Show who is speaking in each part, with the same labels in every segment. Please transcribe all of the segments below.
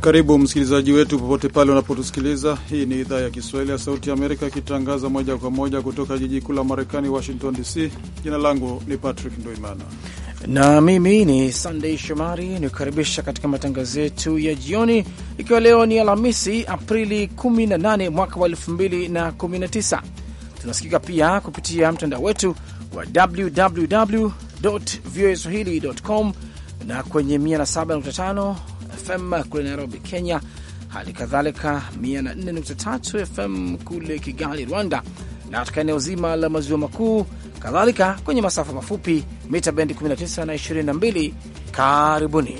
Speaker 1: Karibu msikilizaji wetu popote pale unapotusikiliza. Hii ni idhaa ya Kiswahili ya Sauti ya Amerika ikitangaza moja kwa moja kutoka jiji kuu la Marekani, Washington DC. Jina langu ni
Speaker 2: Patrick ndoimana na mimi ni Sandei Shomari nikukaribisha katika matangazo yetu ya jioni, ikiwa leo ni Alhamisi Aprili 18 mwaka wa 2019. Tunasikika pia kupitia mtandao wetu wa www voa swahili com na kwenye 107.5 FM kule Nairobi, Kenya, hali kadhalika 104.3 FM kule Kigali, Rwanda, na katika eneo zima la maziwa makuu, kadhalika kwenye masafa mafupi mita bendi 19 na 22. Karibuni.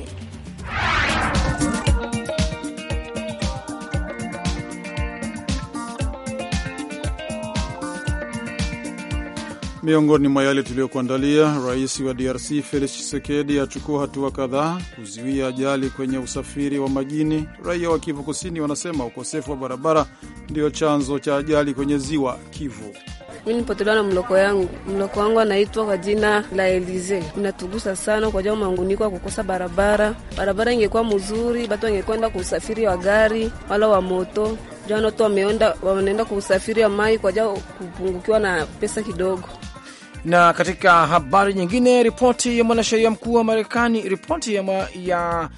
Speaker 1: Miongoni mwa yale tuliyokuandalia, rais wa DRC Felix Tshisekedi achukua hatua kadhaa kuzuia ajali kwenye usafiri wa majini. Raia wa Kivu Kusini wanasema ukosefu wa barabara ndio chanzo cha ajali kwenye ziwa Kivu.
Speaker 3: Mi nipotelewa na mloko yangu, mloko wangu anaitwa kwa jina la Elize. Inatugusa sana kwa jao manguniko ya kukosa barabara. Barabara ingekuwa mzuri, batu wangekwenda kwa usafiri wa gari wala wa moto. Jao watu wameenda kwa usafiri wa mai kwa jao kupungukiwa na pesa kidogo.
Speaker 2: Na katika habari nyingine, ripoti ya mwanasheria mkuu wa Marekani, ripoti ya, ma, ya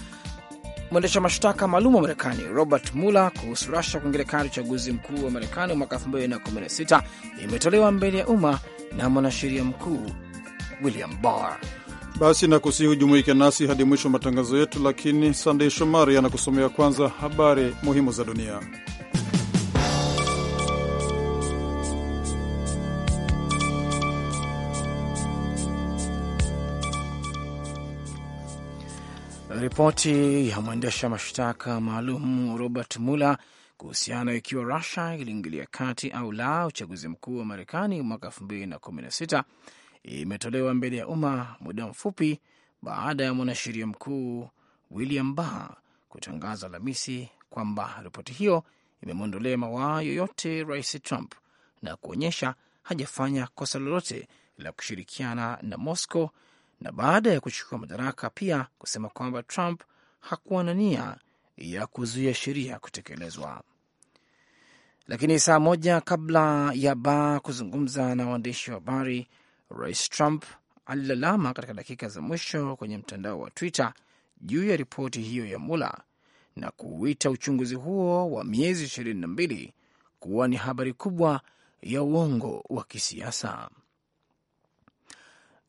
Speaker 2: mwendesha mashtaka maalum wa Marekani Robert Mueller kuhusu rusia kuingilia kati uchaguzi mkuu wa Marekani mwaka 2016 imetolewa mbele ya umma na mwanasheria mkuu William Barr.
Speaker 1: Basi na kusihi hujumuike nasi hadi mwisho wa matangazo yetu, lakini Sandey Shomari anakusomea kwanza habari muhimu za dunia.
Speaker 2: Ripoti ya mwendesha mashtaka maalum Robert Mueller kuhusiana ikiwa Rusia iliingilia kati au la uchaguzi mkuu wa Marekani mwaka 2016 imetolewa mbele ya umma muda mfupi baada ya mwanasheria mkuu William Barr kutangaza Alhamisi kwamba ripoti hiyo imemwondolea mawaa yoyote Rais Trump na kuonyesha hajafanya kosa lolote la kushirikiana na Moscow na baada ya kuchukua madaraka pia kusema kwamba Trump hakuwa na nia ya kuzuia sheria kutekelezwa. Lakini saa moja kabla ya ba kuzungumza na waandishi wa habari, Rais Trump alilalama katika dakika za mwisho kwenye mtandao wa Twitter juu ya ripoti hiyo ya mula na kuuita uchunguzi huo wa miezi ishirini na mbili kuwa ni habari kubwa ya uongo wa kisiasa.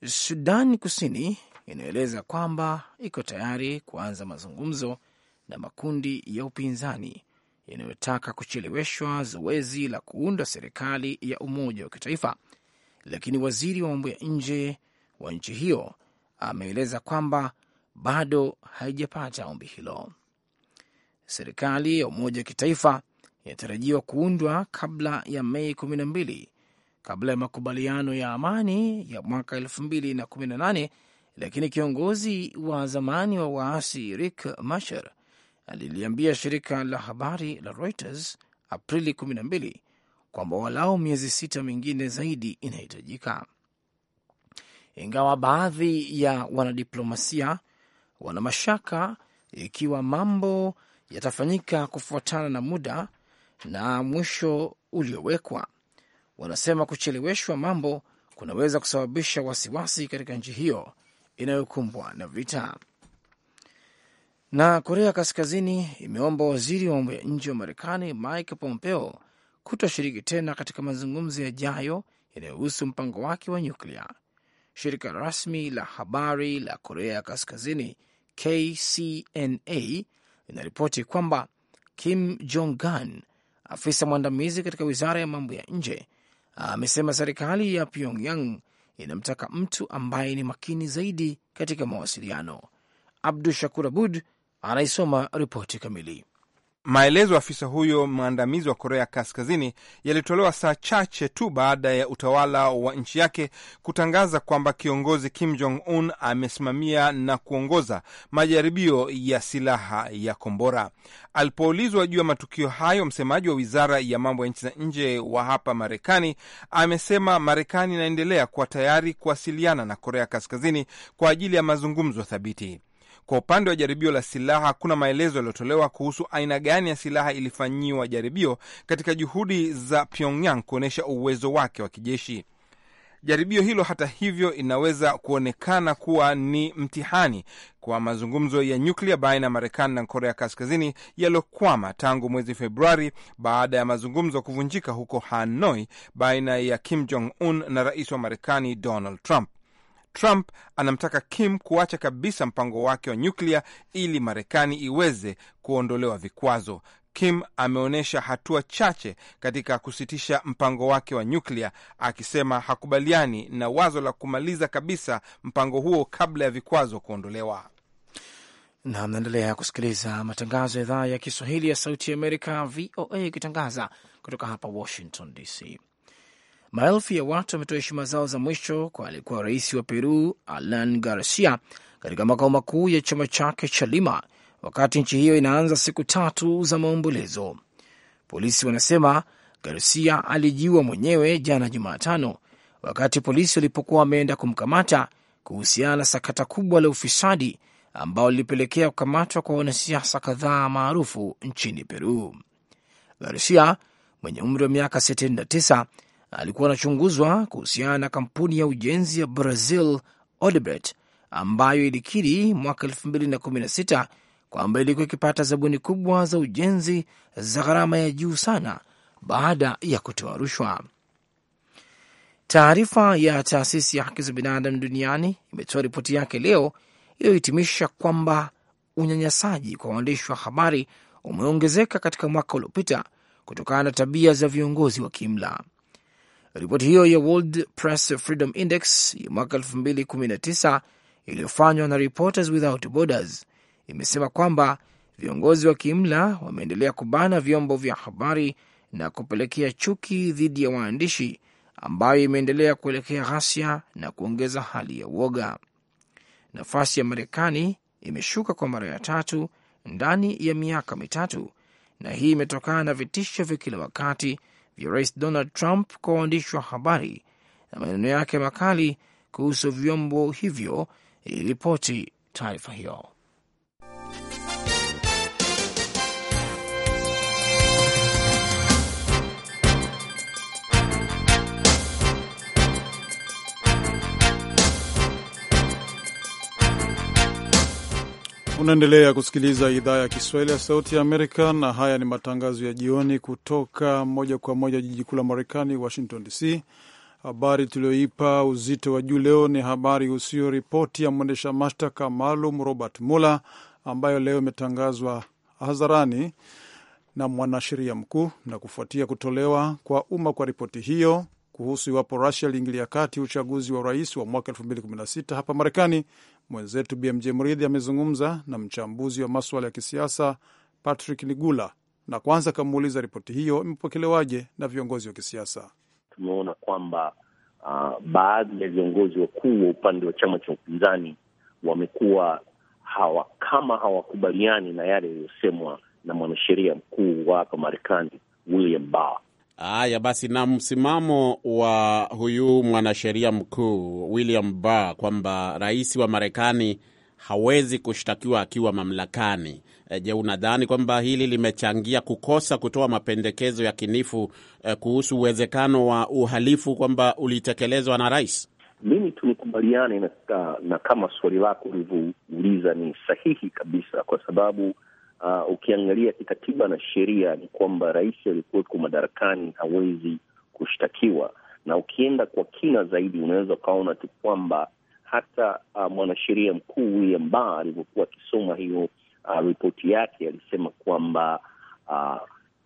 Speaker 2: Sudan Kusini inaeleza kwamba iko tayari kuanza mazungumzo na makundi ya upinzani yanayotaka kucheleweshwa zoezi la kuunda serikali ya umoja wa kitaifa, lakini waziri wa mambo ya nje wa nchi hiyo ameeleza kwamba bado haijapata ombi hilo. Serikali ya umoja wa kitaifa inatarajiwa kuundwa kabla ya Mei kumi na mbili kabla ya makubaliano ya amani ya mwaka 218 lakini kiongozi wa zamani wa waasi rick masher aliliambia shirika la habari la Reuters Aprili 12 kwamba walau miezi sita mingine zaidi inahitajika. Ingawa baadhi ya wanadiplomasia wana mashaka ikiwa mambo yatafanyika kufuatana na muda na mwisho uliowekwa, wanasema kucheleweshwa mambo kunaweza kusababisha wasiwasi katika nchi hiyo inayokumbwa na vita. Na Korea Kaskazini imeomba waziri wa mambo ya nje wa Marekani Mike Pompeo kutoshiriki tena katika mazungumzo yajayo yanayohusu mpango wake wa nyuklia. Shirika rasmi la habari la Korea Kaskazini KCNA linaripoti kwamba Kim Jong Un, afisa mwandamizi katika wizara ya mambo ya nje, amesema serikali ya Pyongyang inamtaka mtu ambaye ni makini zaidi katika mawasiliano. Abdu Shakur Abud anaisoma
Speaker 4: ripoti kamili. Maelezo ya afisa huyo mwandamizi wa Korea Kaskazini yalitolewa saa chache tu baada ya utawala wa nchi yake kutangaza kwamba kiongozi Kim Jong Un amesimamia na kuongoza majaribio ya silaha ya kombora. Alipoulizwa juu ya matukio hayo, msemaji wa wizara ya mambo ya nchi za nje wa hapa Marekani amesema Marekani inaendelea kuwa tayari kuwasiliana na Korea Kaskazini kwa ajili ya mazungumzo thabiti. Kwa upande wa jaribio la silaha, kuna maelezo yaliyotolewa kuhusu aina gani ya silaha ilifanyiwa jaribio katika juhudi za Pyongyang kuonyesha uwezo wake wa kijeshi. Jaribio hilo hata hivyo, inaweza kuonekana kuwa ni mtihani kwa mazungumzo ya nyuklia baina ya Marekani na Korea Kaskazini yaliyokwama tangu mwezi Februari baada ya mazungumzo kuvunjika huko Hanoi baina ya Kim Jong Un na rais wa Marekani Donald Trump. Trump anamtaka Kim kuacha kabisa mpango wake wa nyuklia ili Marekani iweze kuondolewa vikwazo. Kim ameonyesha hatua chache katika kusitisha mpango wake wa nyuklia, akisema hakubaliani na wazo la kumaliza kabisa mpango huo kabla ya vikwazo kuondolewa.
Speaker 2: Na mnaendelea kusikiliza matangazo ya idhaa ya Kiswahili ya Sauti ya Amerika, VOA,
Speaker 4: ikitangaza kutoka hapa Washington
Speaker 2: DC. Maelfu ya watu wametoa heshima zao za mwisho kwa aliyekuwa rais wa Peru Alan Garcia katika makao makuu ya chama chake cha Lima, wakati nchi hiyo inaanza siku tatu za maombolezo. Polisi wanasema Garcia alijiua mwenyewe jana Jumatano wakati polisi walipokuwa wameenda kumkamata kuhusiana na sakata kubwa la ufisadi ambao lilipelekea kukamatwa kwa wanasiasa kadhaa maarufu nchini Peru. Garcia mwenye umri wa miaka 69 alikuwa anachunguzwa kuhusiana na kampuni ya ujenzi ya Brazil Odebrecht ambayo ilikiri mwaka 2016 kwamba ilikuwa ikipata zabuni kubwa za ujenzi za gharama ya juu sana baada ya kutoa rushwa. Taarifa ya taasisi ya haki za binadamu duniani imetoa ripoti yake leo iliyohitimisha kwamba unyanyasaji kwa waandishi wa habari umeongezeka katika mwaka uliopita kutokana na tabia za viongozi wa kiimla. Ripoti hiyo ya World Press Freedom Index ya mwaka 2019 iliyofanywa na Reporters Without Borders imesema kwamba viongozi wa kiimla wameendelea kubana vyombo vya habari na kupelekea chuki dhidi ya waandishi ambayo imeendelea kuelekea ghasia na kuongeza hali ya uoga. Nafasi ya Marekani imeshuka kwa mara ya tatu ndani ya miaka mitatu, na hii imetokana na vitisho vya kila wakati vya Rais Donald Trump kwa waandishi wa habari na maneno yake makali kuhusu vyombo hivyo, iliripoti taarifa hiyo.
Speaker 1: Unaendelea kusikiliza idhaa ya Kiswahili ya Sauti ya Amerika, na haya ni matangazo ya jioni kutoka moja kwa moja jiji kuu la Marekani, Washington DC. Habari tulioipa uzito wa juu leo ni habari usio ripoti ya mwendesha mashtaka maalum Robert Mueller ambayo leo imetangazwa hadharani na mwanasheria mkuu na kufuatia kutolewa kwa umma kwa ripoti hiyo kuhusu iwapo Rusia iliingilia kati uchaguzi wa rais wa mwaka 2016 hapa Marekani. Mwenzetu BMJ Mridhi amezungumza na mchambuzi wa maswala ya kisiasa Patrick Nigula na kwanza akamuuliza ripoti hiyo imepokelewaje na viongozi wa
Speaker 5: kisiasa. Tumeona kwamba uh, baadhi ya viongozi wakuu wa upande wa chama cha upinzani wamekuwa hawa kama hawakubaliani na yale yaliyosemwa na mwanasheria mkuu wa hapa Marekani William Barr
Speaker 3: Haya basi, na msimamo wa huyu mwanasheria mkuu William Barr kwamba rais wa Marekani hawezi kushtakiwa akiwa mamlakani. Eh, je, unadhani kwamba hili limechangia kukosa kutoa mapendekezo ya kinifu eh, kuhusu
Speaker 5: uwezekano wa uhalifu
Speaker 3: kwamba ulitekelezwa na rais?
Speaker 5: Mimi tunikubaliane na, na kama swali lako ulivyouliza ni sahihi kabisa, kwa sababu uh, ukiangalia kikatiba na sheria ni kwamba rais aliyekuwepo madarakani hawezi kushtakiwa, na ukienda kwa kina zaidi unaweza ukaona tu kwamba hata uh, mwanasheria mkuu William Barr alivyokuwa akisoma hiyo uh, ripoti yake alisema kwamba uh,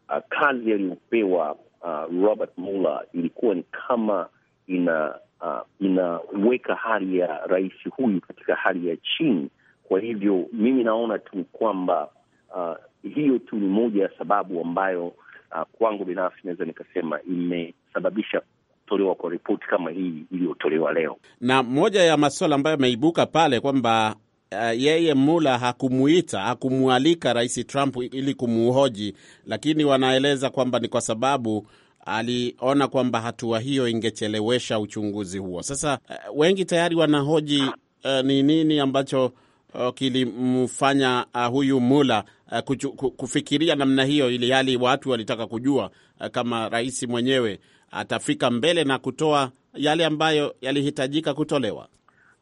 Speaker 5: uh, kazi aliyopewa uh, Robert Mueller ilikuwa ni kama ina uh, inaweka hali ya rais huyu katika hali ya chini. Kwa hivyo mimi naona tu kwamba uh, hiyo tu ni moja ya sababu ambayo uh, kwangu binafsi naweza nikasema imesababisha kutolewa kwa ripoti kama hii iliyotolewa leo.
Speaker 3: Na moja ya masuala ambayo yameibuka pale kwamba Uh, yeye Mula hakumuita hakumwalika Rais Trump ili kumuhoji, lakini wanaeleza kwamba ni kwa sababu aliona kwamba hatua hiyo ingechelewesha uchunguzi huo. Sasa uh, wengi tayari wanahoji uh, ni nini ambacho uh, kilimfanya uh, huyu Mula Eh, kuchu, kufikiria namna hiyo, ili hali watu walitaka kujua eh, kama rais mwenyewe atafika mbele na kutoa yale ambayo yalihitajika kutolewa.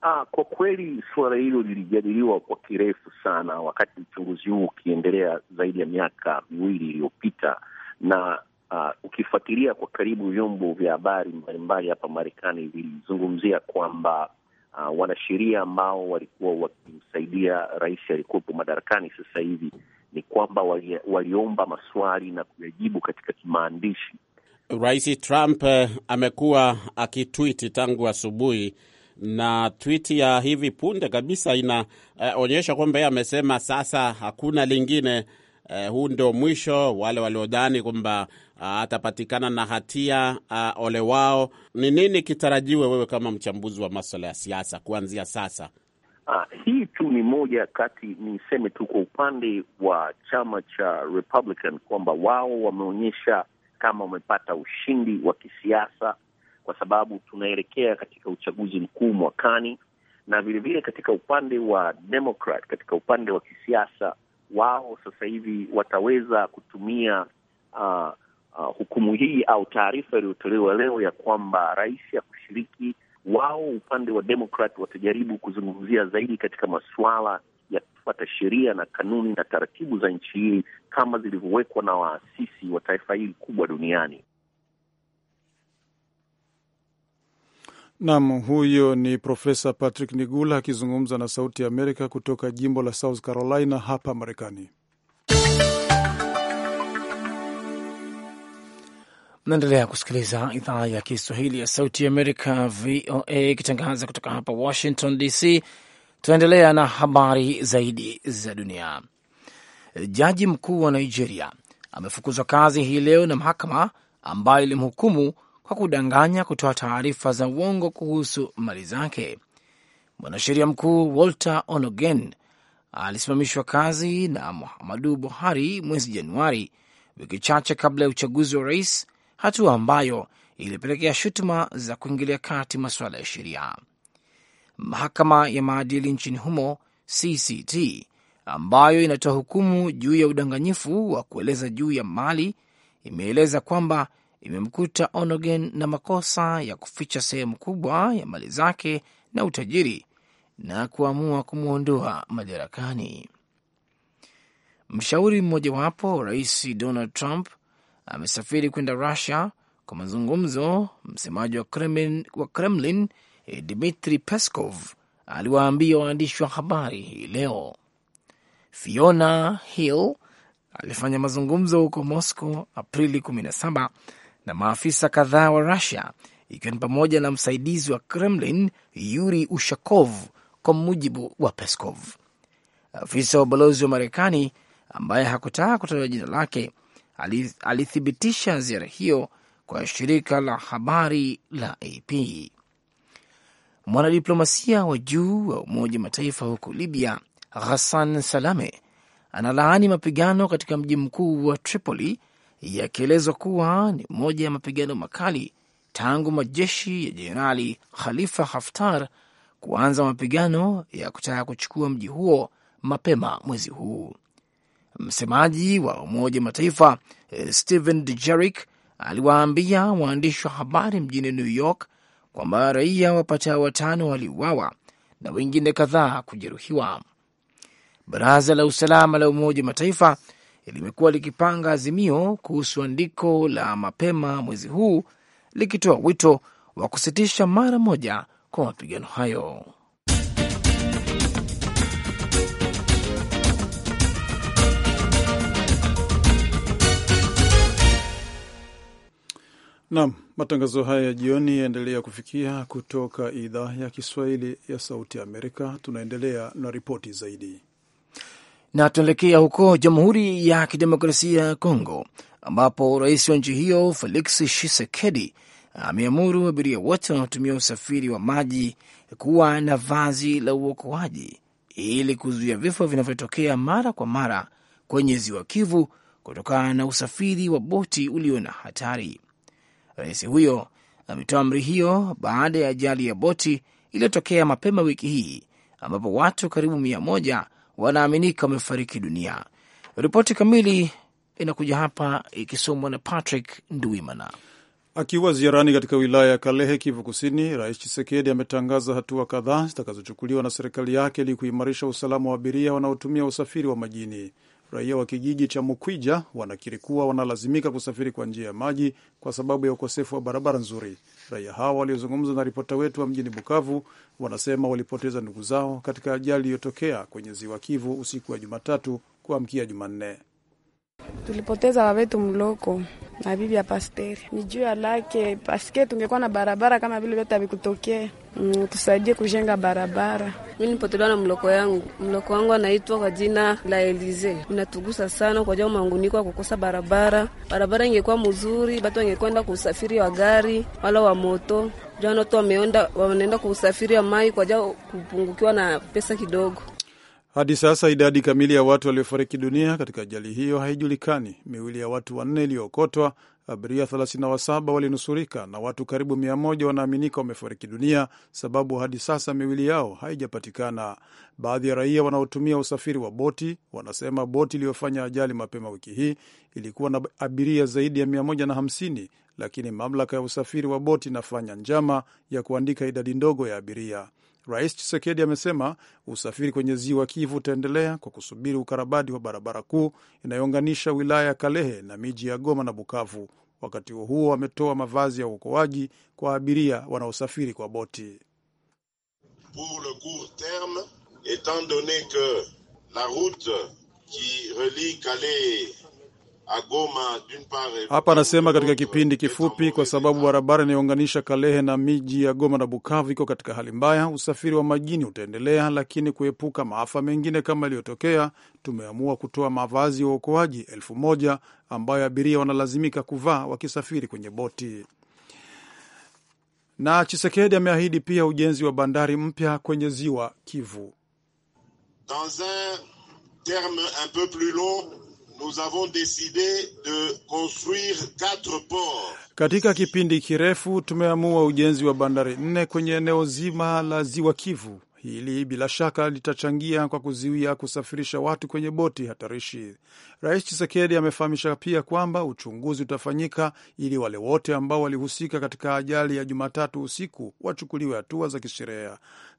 Speaker 5: Ah, kwa kweli suala hilo lilijadiliwa kwa kirefu sana wakati uchunguzi huu ukiendelea zaidi ya miaka miwili iliyopita, na uh, ukifuatilia kwa karibu vyombo vya habari mbalimbali hapa Marekani vilizungumzia kwamba uh, wanasheria ambao walikuwa wakimsaidia rais aliyekuwepo madarakani sasa hivi ni kwamba wali, waliomba maswali na kuyajibu katika kimaandishi. Rais
Speaker 3: Trump eh, amekuwa akitwiti tangu asubuhi na twiti ya hivi punde kabisa inaonyesha eh, kwamba yeye amesema sasa hakuna lingine eh, huu ndio mwisho. Wale waliodhani kwamba ah, atapatikana na hatia ah, ole wao. Ni nini kitarajiwe wewe kama mchambuzi wa maswala ya siasa kuanzia sasa?
Speaker 5: Uh, hii tu ni moja kati, niseme tu kwa upande wa chama cha Republican kwamba wao wameonyesha kama wamepata ushindi wa kisiasa, kwa sababu tunaelekea katika uchaguzi mkuu mwakani, na vilevile katika upande wa Democrat, katika upande wa kisiasa wao sasa hivi wataweza kutumia uh, uh, hukumu hii au taarifa iliyotolewa leo ya kwamba rais ya kushiriki wao upande wa Demokrat watajaribu kuzungumzia zaidi katika masuala ya kufuata sheria na kanuni na taratibu za nchi hii kama zilivyowekwa na waasisi wa taifa hili kubwa duniani.
Speaker 1: Nam, huyo ni Profesa Patrick Nigula akizungumza na Sauti ya Amerika kutoka jimbo la South Carolina hapa Marekani.
Speaker 2: Naendelea kusikiliza idhaa ya Kiswahili ya Sauti ya Amerika, VOA, ikitangaza kutoka hapa Washington DC. Tunaendelea na habari zaidi za dunia. Jaji mkuu wa Nigeria amefukuzwa kazi hii leo na mahakama ambayo ilimhukumu kwa kudanganya kutoa taarifa za uongo kuhusu mali zake. Mwanasheria mkuu Walter Onogen alisimamishwa kazi na Muhammadu Buhari mwezi Januari, wiki chache kabla ya uchaguzi wa rais hatua ambayo ilipelekea shutuma za kuingilia kati masuala ya sheria. Mahakama ya maadili nchini humo CCT, ambayo inatoa hukumu juu ya udanganyifu wa kueleza juu ya mali, imeeleza kwamba imemkuta Onogen na makosa ya kuficha sehemu kubwa ya mali zake na utajiri na kuamua kumwondoa madarakani. Mshauri mmojawapo rais Donald Trump amesafiri kwenda Rusia kwa mazungumzo. Msemaji wa Kremlin, wa Kremlin eh, Dmitri Peskov aliwaambia waandishi wa habari hii leo. Fiona Hill alifanya mazungumzo huko Moscow Aprili 17 na maafisa kadhaa wa Rusia, ikiwa ni pamoja na msaidizi wa Kremlin Yuri Ushakov, kwa mujibu wa Peskov. Afisa wa ubalozi wa Marekani ambaye hakutaka kutolewa jina lake alithibitisha ziara hiyo kwa shirika la habari la AP. Mwanadiplomasia wa juu wa Umoja Mataifa huko Libya, Ghassan Salame, analaani mapigano katika mji mkuu wa Tripoli, yakielezwa kuwa ni moja ya mapigano makali tangu majeshi ya Jenerali Khalifa Haftar kuanza mapigano ya kutaka kuchukua mji huo mapema mwezi huu. Msemaji wa Umoja Mataifa eh, Stephen Dujarric aliwaambia waandishi wa habari mjini New York kwamba raia wapatao watano waliuawa na wengine kadhaa kujeruhiwa. Baraza la Usalama la Umoja Mataifa limekuwa likipanga azimio kuhusu andiko la mapema mwezi huu likitoa wito wa kusitisha mara moja kwa mapigano hayo.
Speaker 1: Naam, matangazo haya ya jioni yaendelea kufikia kutoka idhaa ya Kiswahili ya Sauti ya Amerika. Tunaendelea na ripoti zaidi
Speaker 2: na tunaelekea huko Jamhuri ya Kidemokrasia ya Kongo ambapo rais wa nchi hiyo Felix Tshisekedi ameamuru abiria wote wanaotumia usafiri wa maji kuwa na vazi la uokoaji ili kuzuia vifo vinavyotokea mara kwa mara kwenye ziwa Kivu kutokana na usafiri wa boti ulio na hatari. Rais huyo ametoa amri hiyo baada ya ajali ya boti iliyotokea mapema wiki hii ambapo watu karibu mia moja wanaaminika wamefariki dunia. Ripoti kamili inakuja hapa ikisomwa na Patrick Nduimana.
Speaker 1: Akiwa ziarani katika wilaya ya Kalehe, Kivu Kusini, Rais Chisekedi ametangaza hatua kadhaa zitakazochukuliwa na serikali yake ili kuimarisha usalama wa abiria wanaotumia usafiri wa majini. Raia wa kijiji cha Mukwija wanakiri kuwa wanalazimika kusafiri kwa njia ya maji kwa sababu ya ukosefu wa barabara nzuri. Raia hao waliozungumza na ripota wetu wa mjini Bukavu wanasema walipoteza ndugu zao katika ajali iliyotokea kwenye ziwa Kivu usiku wa Jumatatu kuamkia Jumanne.
Speaker 6: Tulipoteza wavetu mloko na bibi ya pasteri ni juu ya lake paske tungekuwa na barabara kama vile vyote havikutokea. Mm, tusaidie kujenga barabara.
Speaker 3: Mi nipotelewa na mloko yangu, mloko wangu anaitwa kwa jina la Elize. Inatugusa sana kwa jao manguniko ya kukosa barabara. Barabara ingekuwa mzuri, batu wangekwenda kuusafiri wa gari wala wa moto, jao wanaenda kuusafiri wa mai kwa jao kupungukiwa na pesa kidogo.
Speaker 1: Hadi sasa idadi kamili ya watu waliofariki dunia katika ajali hiyo haijulikani. Miwili ya watu wanne iliyookotwa, abiria 37 walinusurika na watu karibu 100 wanaaminika wamefariki dunia, sababu hadi sasa miwili yao haijapatikana. Baadhi ya raia wanaotumia usafiri wa boti wanasema boti iliyofanya ajali mapema wiki hii ilikuwa na abiria zaidi ya 150 lakini mamlaka ya usafiri wa boti inafanya njama ya kuandika idadi ndogo ya abiria. Rais chisekedi amesema usafiri kwenye ziwa Kivu utaendelea kwa kusubiri ukarabati wa barabara kuu inayounganisha wilaya ya Kalehe na miji ya Goma na Bukavu. Wakati huo huo, ametoa mavazi ya uokoaji kwa abiria wanaosafiri kwa boti.
Speaker 3: Pour le court terme, etant donne que la route
Speaker 1: qui relie hapa anasema katika kipindi euh, kifupi, kwa sababu barabara inayounganisha Kalehe na miji ya Goma na Bukavu iko katika hali mbaya. Usafiri wa majini utaendelea, lakini kuepuka maafa mengine kama yaliyotokea, tumeamua kutoa mavazi ya uokoaji elfu moja ambayo abiria wanalazimika kuvaa wakisafiri kwenye boti. Na Chisekedi ameahidi pia ujenzi wa bandari mpya kwenye ziwa Kivu
Speaker 3: Dans un terme un peu plus long Nous avons décidé de construire quatre ports.
Speaker 1: Katika kipindi kirefu tumeamua ujenzi wa bandari nne kwenye eneo zima la Ziwa Kivu. Hili bila shaka litachangia kwa kuzuia kusafirisha watu kwenye boti hatarishi. Rais Chisekedi amefahamisha pia kwamba uchunguzi utafanyika ili wale wote ambao walihusika katika ajali ya Jumatatu usiku wachukuliwe hatua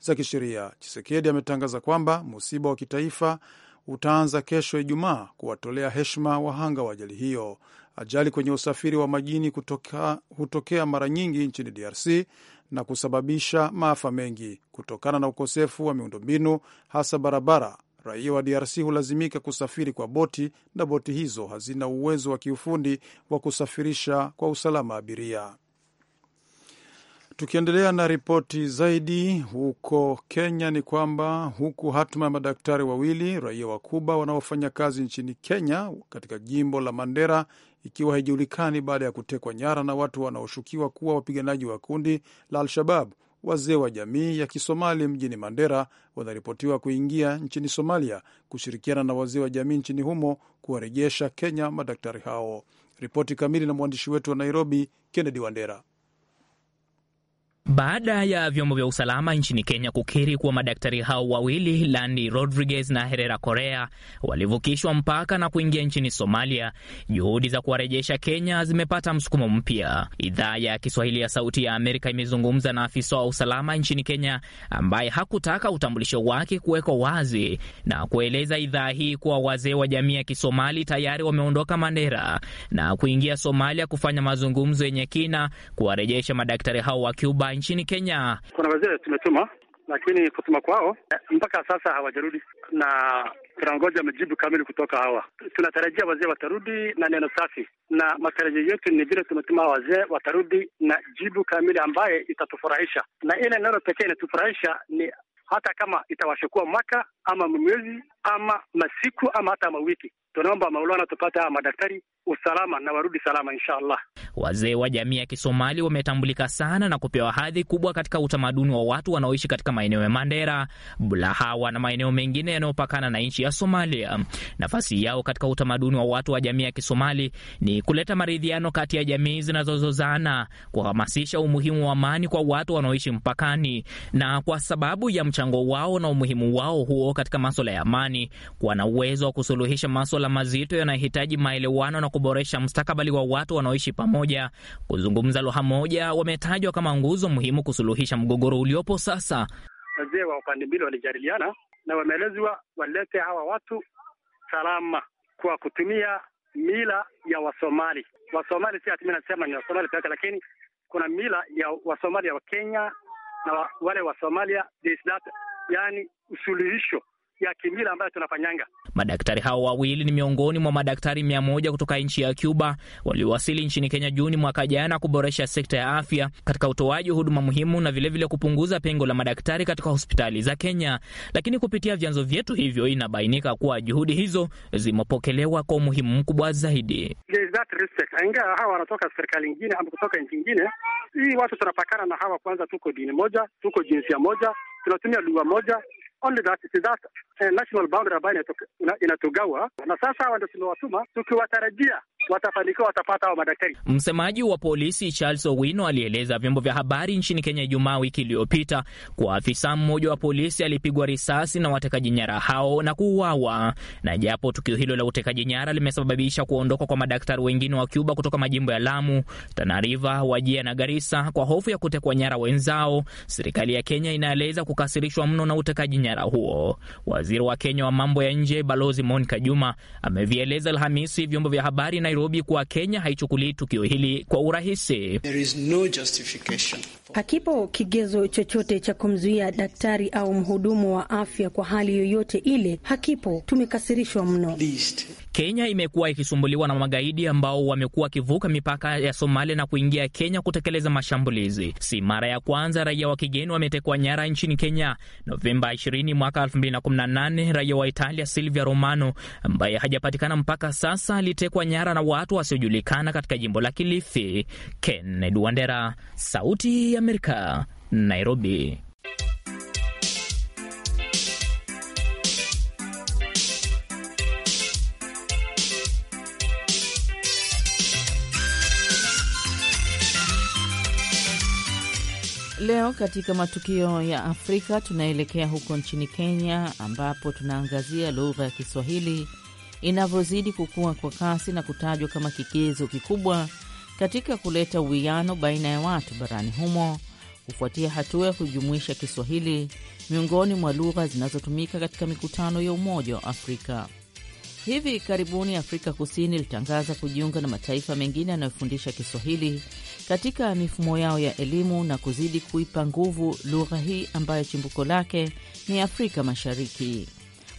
Speaker 1: za kisheria. Chisekedi ametangaza kwamba msiba wa kitaifa utaanza kesho Ijumaa kuwatolea heshima wahanga wa ajali hiyo. Ajali kwenye usafiri wa majini kutoka, hutokea mara nyingi nchini DRC na kusababisha maafa mengi kutokana na ukosefu wa miundombinu hasa barabara. Raia wa DRC hulazimika kusafiri kwa boti na boti hizo hazina uwezo wa kiufundi wa kusafirisha kwa usalama abiria. Tukiendelea na ripoti zaidi huko Kenya ni kwamba huku hatima ya madaktari wawili raia wa Kuba wanaofanya kazi nchini Kenya katika jimbo la Mandera ikiwa haijulikani baada ya kutekwa nyara na watu wanaoshukiwa kuwa wapiganaji wa kundi la Al-Shabab, wazee wa jamii ya Kisomali mjini Mandera wanaripotiwa kuingia nchini Somalia kushirikiana na wazee wa jamii nchini humo kuwarejesha Kenya madaktari hao. Ripoti kamili na mwandishi wetu wa Nairobi, Kennedy Wandera.
Speaker 7: Baada ya vyombo vya usalama nchini Kenya kukiri kuwa madaktari hao wawili Landi Rodriguez na Herera Korea walivukishwa mpaka na kuingia nchini Somalia, juhudi za kuwarejesha Kenya zimepata msukumo mpya. Idhaa ya Kiswahili ya Sauti ya Amerika imezungumza na afisa wa usalama nchini Kenya ambaye hakutaka utambulisho wake kuwekwa wazi na kueleza idhaa hii kuwa wazee wa jamii ya Kisomali tayari wameondoka Mandera na kuingia Somalia kufanya mazungumzo yenye kina kuwarejesha madaktari hao wa Cuba nchini Kenya.
Speaker 8: Kuna wazee tumetuma, lakini kutuma kwao mpaka sasa hawajarudi na tunangoja majibu kamili kutoka hawa. Tunatarajia wazee watarudi na neno safi, na matarajio yetu ni vile tumetuma wazee watarudi na jibu kamili ambaye itatufurahisha, na ile neno pekee inatufurahisha ni hata kama itawashukua mwaka ama mwezi ama masiku ama hata mawiki, tunaomba Maulana tupate hawa madaktari usalama na warudi salama inshaallah.
Speaker 7: Wazee wa jamii ya Kisomali wametambulika sana na kupewa hadhi kubwa katika utamaduni wa watu wanaoishi katika maeneo ya Mandera, Bulahawa na maeneo mengine yanayopakana na nchi ya Somalia. Nafasi yao katika utamaduni wa watu wa jamii ya Kisomali ni kuleta maridhiano kati ya jamii zinazozozana, kuhamasisha umuhimu wa amani kwa watu wanaoishi mpakani, na kwa sababu ya mchango wao na umuhimu wao huo katika maswala ya amani, kuwa na uwezo wa kusuluhisha maswala masuala mazito yanayohitaji maelewano na kuboresha mstakabali wa watu wanaoishi pamoja, kuzungumza lugha moja, wametajwa kama nguzo muhimu kusuluhisha mgogoro uliopo sasa.
Speaker 8: Wazee wa upande mbili walijadiliana na wameelezwa walete hawa watu salama kwa kutumia mila ya Wasomali. Wasomali si atimi nasema ni Wasomali peke, lakini kuna mila ya Wasomali ya Wakenya na wa, wale Wasomalia, yani usuluhisho ya kimila ambayo tunafanyanga.
Speaker 7: Madaktari hao wawili ni miongoni mwa madaktari mia moja kutoka nchi ya Cuba waliowasili nchini Kenya Juni mwaka jana kuboresha sekta ya afya katika utoaji huduma muhimu na vilevile vile kupunguza pengo la madaktari katika hospitali za Kenya. Lakini kupitia vyanzo vyetu hivyo inabainika kuwa juhudi hizo zimepokelewa kwa umuhimu mkubwa zaidi.
Speaker 8: Ingawa hawa wanatoka serikali ingine ama kutoka nchi ingine, hii watu tunapakana na hawa kwanza, tuko dini moja, tuko jinsia moja, tunatumia lugha moja, only that it is that uh, national boundary ambayo inatugawa, na sasa hawa ndio tumewatuma tukiwatarajia watafanikiwa, watapata hao madaktari.
Speaker 7: Msemaji wa polisi Charles Owino alieleza vyombo vya habari nchini Kenya Ijumaa wiki iliyopita kwa afisa mmoja wa polisi alipigwa risasi na watekaji nyara hao na kuuawa. Na japo tukio hilo la utekaji nyara limesababisha kuondoka kwa madaktari wengine wa Cuba kutoka majimbo ya Lamu, Tanariva, Wajia na Garissa kwa hofu ya kutekwa nyara wenzao, serikali ya Kenya inaeleza kukasirishwa mno na utekaji nyara huo. Waziri wa Kenya wa mambo ya nje Balozi Monica Juma amevieleza Alhamisi vyombo vya habari na Nairobi kuwa Kenya haichukulii tukio hili kwa urahisi. There is no justification.
Speaker 6: Hakipo kigezo chochote cha kumzuia daktari au mhudumu wa afya kwa hali yoyote ile. Hakipo, tumekasirishwa mno. Least.
Speaker 7: Kenya imekuwa ikisumbuliwa na magaidi ambao wamekuwa wakivuka mipaka ya Somalia na kuingia Kenya kutekeleza mashambulizi. Si mara ya kwanza raia wa kigeni wametekwa nyara nchini Kenya. Novemba 20 mwaka 2018, raia wa Italia Silvia Romano ambaye hajapatikana mpaka sasa alitekwa nyara na watu wasiojulikana katika jimbo la Kilifi. Kennedy Wandera, Sauti ya Amerika, Nairobi.
Speaker 6: Leo katika matukio ya Afrika tunaelekea huko nchini Kenya ambapo tunaangazia lugha ya Kiswahili inavyozidi kukua kwa kasi na kutajwa kama kigezo kikubwa katika kuleta uwiano baina ya watu barani humo kufuatia hatua ya kujumuisha Kiswahili miongoni mwa lugha zinazotumika katika mikutano ya Umoja wa Afrika. Hivi karibuni Afrika Kusini ilitangaza kujiunga na mataifa mengine yanayofundisha Kiswahili katika mifumo yao ya elimu na kuzidi kuipa nguvu lugha hii ambayo chimbuko lake ni Afrika Mashariki.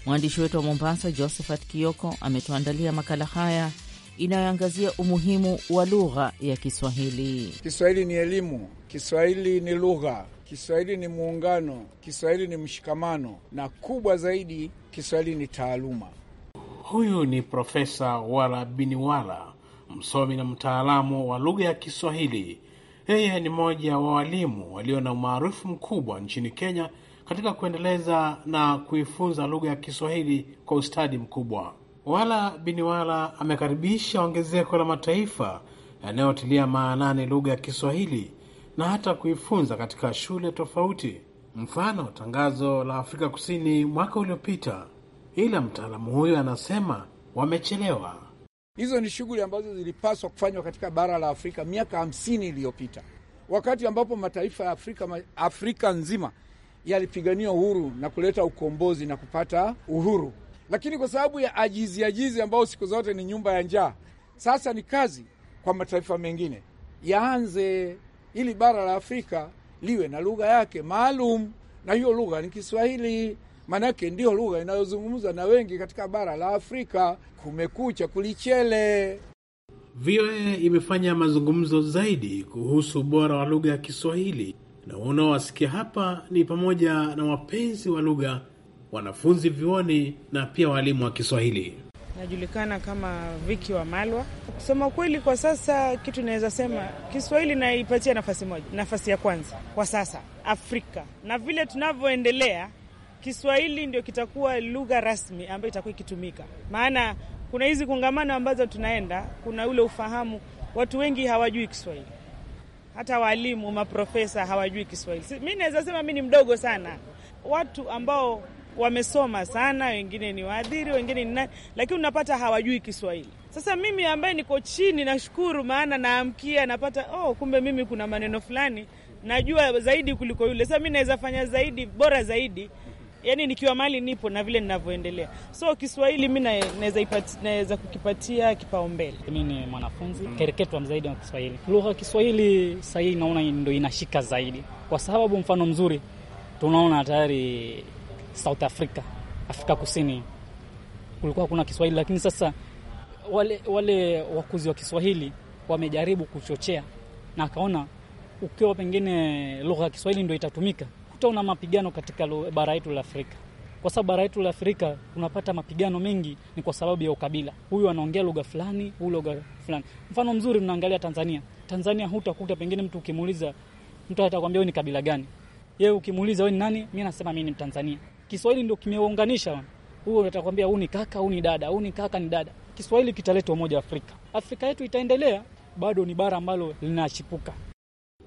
Speaker 6: Mwandishi wetu wa Mombasa, Josephat Kioko, ametuandalia makala haya inayoangazia umuhimu wa lugha ya Kiswahili. Kiswahili ni
Speaker 4: elimu, Kiswahili ni lugha, Kiswahili ni muungano, Kiswahili ni mshikamano, na kubwa zaidi, Kiswahili ni taaluma.
Speaker 9: Huyu ni Profesa Wala Biniwala, msomi na mtaalamu wa lugha ya Kiswahili. Yeye ni mmoja wa walimu walio na umaarufu mkubwa nchini Kenya katika kuendeleza na kuifunza lugha ya Kiswahili kwa ustadi mkubwa. Wala Biniwala amekaribisha ongezeko la mataifa yanayotilia maanani lugha ya Kiswahili na hata kuifunza katika shule tofauti, mfano tangazo la Afrika Kusini mwaka uliopita. Ila mtaalamu huyo anasema wamechelewa.
Speaker 4: Hizo ni shughuli ambazo zilipaswa kufanywa katika bara la Afrika miaka hamsini iliyopita, wakati ambapo mataifa ya Afrika, Afrika nzima yalipigania uhuru na kuleta ukombozi na kupata uhuru, lakini kwa sababu ya ajizi ajizi ambao siku zote ni nyumba ya njaa, sasa ni kazi kwa mataifa mengine yaanze ili bara la Afrika liwe na lugha yake maalum, na hiyo lugha ni Kiswahili. Maanake ndiyo lugha inayozungumzwa na wengi katika bara la Afrika. Kumekucha kulichele. VOA imefanya mazungumzo zaidi kuhusu
Speaker 9: ubora wa lugha ya Kiswahili na unaowasikia hapa ni pamoja na wapenzi wa lugha, wanafunzi vioni na pia walimu wa Kiswahili.
Speaker 6: Najulikana kama Viki wa Malwa. Kusema kweli, kwa sasa kitu inaweza sema Kiswahili naipatia nafasi moja, nafasi ya kwanza kwa sasa Afrika, na vile tunavyoendelea Kiswahili ndio kitakuwa lugha rasmi ambayo itakuwa ikitumika, maana kuna hizi kongamano ambazo tunaenda, kuna ule ufahamu, watu wengi hawajui Kiswahili hata walimu, maprofesa hawajui Kiswahili. Mi naweza sema mi ni mdogo sana, watu ambao wamesoma sana, wengine ni waadhiri, wengine ni nani, lakini unapata hawajui Kiswahili. Sasa mimi ambaye niko chini, nashukuru, maana naamkia napata oh, kumbe mimi kuna maneno fulani najua zaidi kuliko yule. Sasa mi naweza fanya zaidi, bora zaidi yani nikiwa mali nipo na vile ninavyoendelea, so Kiswahili mi naweza kukipatia kipaumbele. Mi ni mwanafunzi kereketwa zaidi wa Kiswahili. Lugha Kiswahili sahii naona ndo inashika zaidi, kwa sababu mfano mzuri tunaona tayari South Africa, Afrika Kusini kulikuwa hakuna Kiswahili, lakini sasa wale, wale wakuzi wa Kiswahili wamejaribu kuchochea na akaona ukiwa pengine lugha ya Kiswahili ndo itatumika hakutaona mapigano katika bara yetu la Afrika kwa sababu bara yetu la Afrika tunapata mapigano mengi ni kwa sababu ya ukabila. Huyu anaongea lugha fulani, huyu lugha fulani. Mfano mzuri tunaangalia Tanzania. Tanzania hutakuta pengine mtu ukimuuliza mtu atakwambia wewe ni kabila gani? Yeye ukimuuliza wewe ni nani? Mimi nasema mimi ni Mtanzania. Kiswahili ndio kimeunganisha. Huyu atakwambia huyu ni kaka, huyu ni dada, huyu ni kaka ni dada. Kiswahili kitaleta umoja wa Afrika. Afrika yetu itaendelea, bado ni bara ambalo linachipuka.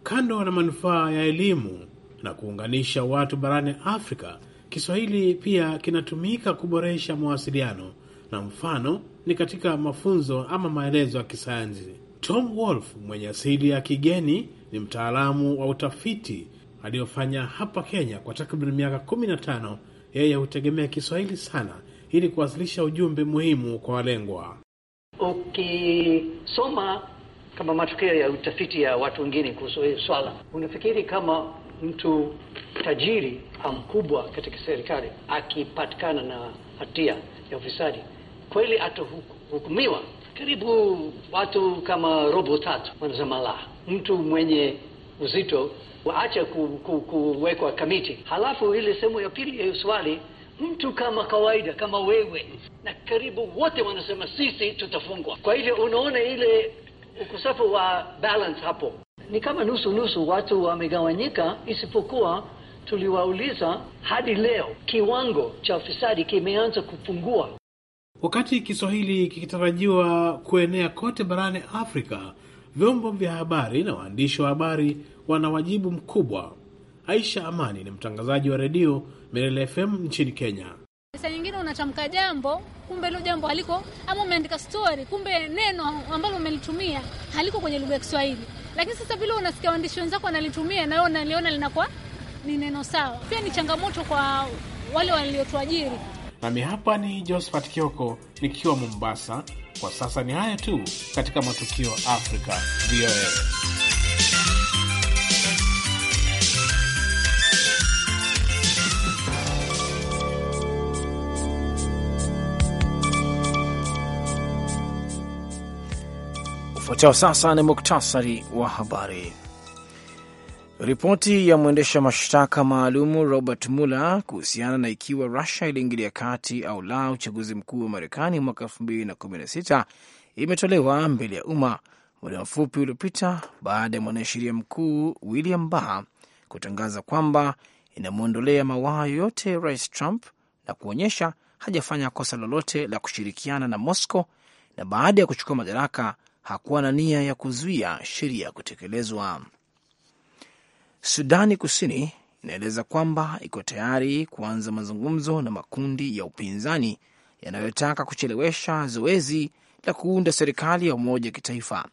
Speaker 9: Kando na manufaa ya elimu na kuunganisha watu barani Afrika, Kiswahili pia kinatumika kuboresha mawasiliano, na mfano ni katika mafunzo ama maelezo ya kisayansi. Tom Wolf mwenye asili ya kigeni ni mtaalamu wa utafiti aliyofanya hapa Kenya kwa takriban miaka 15. Yeye hutegemea Kiswahili sana ili kuwasilisha ujumbe muhimu kwa walengwa.
Speaker 5: Ukisoma okay, kama matokeo ya utafiti ya watu wengine kuhusu hili swala, unafikiri kama mtu tajiri mkubwa katika serikali akipatikana na hatia ya ufisadi kweli atahukumiwa karibu watu kama robo tatu wanasema la. Mtu mwenye uzito waacha ku, ku, kuwekwa kamiti. Halafu ile sehemu ya pili ya swali, mtu kama kawaida kama wewe na karibu wote wanasema sisi tutafungwa. Kwa hivyo unaona ile ukosefu wa balance hapo ni kama nusu nusu, watu wamegawanyika, isipokuwa tuliwauliza hadi leo kiwango cha ufisadi kimeanza kupungua.
Speaker 9: Wakati Kiswahili kikitarajiwa kuenea kote barani Afrika, vyombo vya habari na waandishi wa habari wana wajibu mkubwa. Aisha Amani ni mtangazaji wa redio Mirele FM nchini Kenya.
Speaker 6: sa nyingine unatamka jambo, kumbe hilo jambo haliko, ama umeandika stori, kumbe neno ambalo umelitumia haliko kwenye lugha ya Kiswahili lakini sasa vile unasikia waandishi wenzako wanalitumia, wewe unaliona linakuwa ni neno sawa. Pia ni changamoto kwa wale waliotuajiri.
Speaker 9: Nami hapa ni Josephat Kioko nikiwa Mombasa. Kwa sasa ni haya tu katika Matukio Afrika VOA.
Speaker 2: Ifuatayo sasa ni muktasari wa habari. Ripoti ya mwendesha mashtaka maalumu Robert Mueller kuhusiana na ikiwa Rusia iliingilia kati au la uchaguzi mkuu wa Marekani mwaka 216 imetolewa mbele ya umma muda mfupi uliopita baada ya mwanasheria mkuu William Barr kutangaza kwamba inamwondolea mawaa yoyote Rais Trump na kuonyesha hajafanya kosa lolote la kushirikiana na Moscow na baada ya kuchukua madaraka hakuwa na nia ya kuzuia sheria kutekelezwa. Sudani Kusini inaeleza kwamba iko tayari kuanza mazungumzo na makundi ya upinzani yanayotaka kuchelewesha zoezi la kuunda serikali ya umoja wa kitaifa,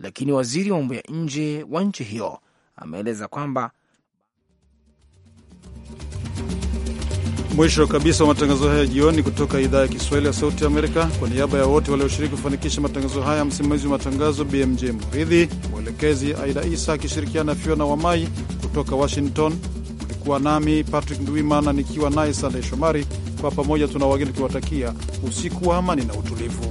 Speaker 2: lakini waziri wa mambo ya nje wa nchi hiyo ameeleza kwamba
Speaker 1: Mwisho kabisa wa matangazo haya jioni kutoka idhaa ya Kiswahili ya Sauti Amerika. Kwa niaba ya wote walioshiriki kufanikisha matangazo haya, msimamizi wa matangazo BMJ Mridhi, mwelekezi Aida Isa akishirikiana na Fiona Wamai kutoka Washington. Ulikuwa nami Patrick Ndwimana nikiwa naye Sandey Shomari. Kwa pamoja tuna wageni tukiwatakia usiku wa amani na utulivu.